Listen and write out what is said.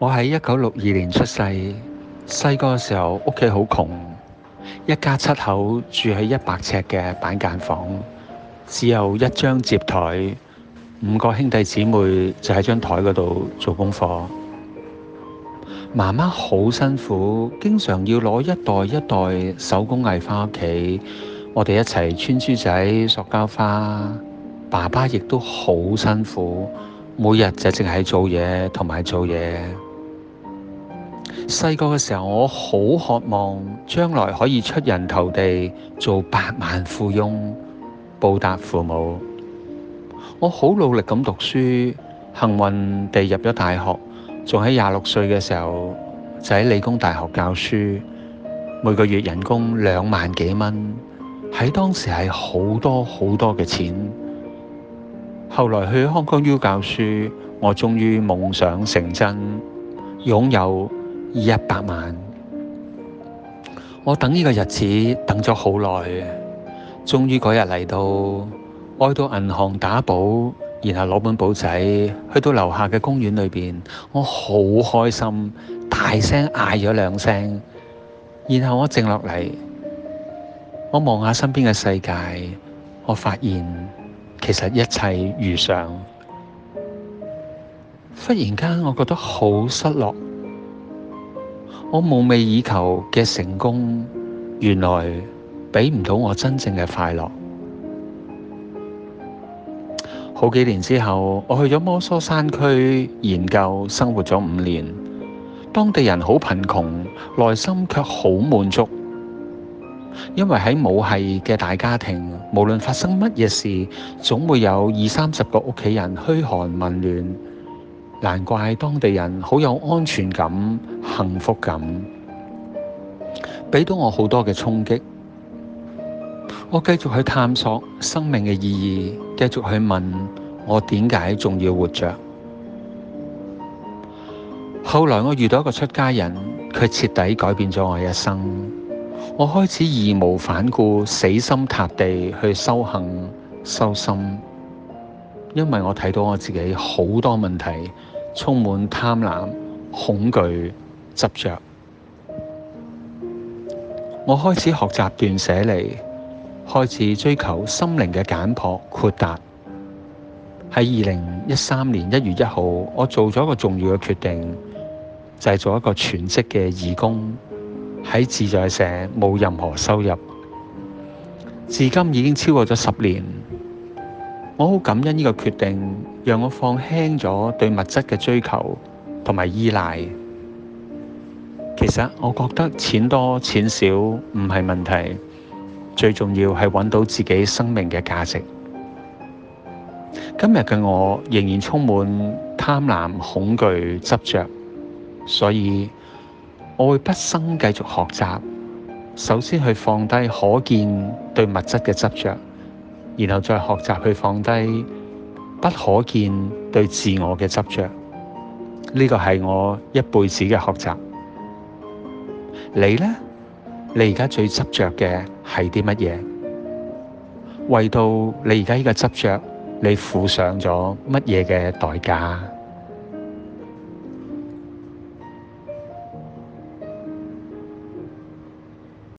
我喺一九六二年出世，細個嘅時候屋企好窮，一家七口住喺一百尺嘅板間房，只有一張接台，五個兄弟姊妹就喺張台嗰度做功課。媽媽好辛苦，經常要攞一袋一袋手工藝返屋企，我哋一齊穿珠仔、塑膠花。爸爸亦都好辛苦，每日就淨係做嘢同埋做嘢。細個嘅時候，我好渴望將來可以出人頭地，做百萬富翁報答父母。我好努力咁讀書，幸運地入咗大學，仲喺廿六歲嘅時候就喺理工大學教書，每個月人工兩萬幾蚊，喺當時係好多好多嘅錢。後來去香港 U 教書，我終於夢想成真，擁有。一百萬，我等呢個日子等咗好耐，終於嗰日嚟到，我去到銀行打簿，然後攞本簿仔，去到樓下嘅公園裏邊，我好開心，大聲嗌咗兩聲，然後我靜落嚟，我望下身邊嘅世界，我發現其實一切如常，忽然間我覺得好失落。我夢寐以求嘅成功，原來俾唔到我真正嘅快樂。好幾年之後，我去咗摩梭山區研究生活咗五年，當地人好貧窮，內心卻好滿足，因為喺母系嘅大家庭，無論發生乜嘢事，總會有二三十個屋企人噓寒問暖。難怪當地人好有安全感、幸福感，俾到我好多嘅衝擊。我繼續去探索生命嘅意義，繼續去問我點解仲要活着。後來我遇到一個出家人，佢徹底改變咗我一生。我開始義無反顧、死心塌地去修行、修心，因為我睇到我自己好多問題。充滿貪婪、恐懼、執着。我開始學習斷捨離，開始追求心靈嘅簡樸、豁達。喺二零一三年一月一號，我做咗一個重要嘅決定，就係做一個全職嘅義工，喺自在社冇任何收入。至今已經超過咗十年。我好感恩呢個決定，讓我放輕咗對物質嘅追求同埋依賴。其實我覺得錢多錢少唔係問題，最重要係揾到自己生命嘅價值。今日嘅我仍然充滿貪婪、恐懼、執着，所以我會畢生繼續學習，首先去放低可見對物質嘅執着。然後再學習去放低不可見對自我嘅執着，呢、這個係我一輩子嘅學習。你呢？你而家最執着嘅係啲乜嘢？為到你而家呢個執着，你付上咗乜嘢嘅代價？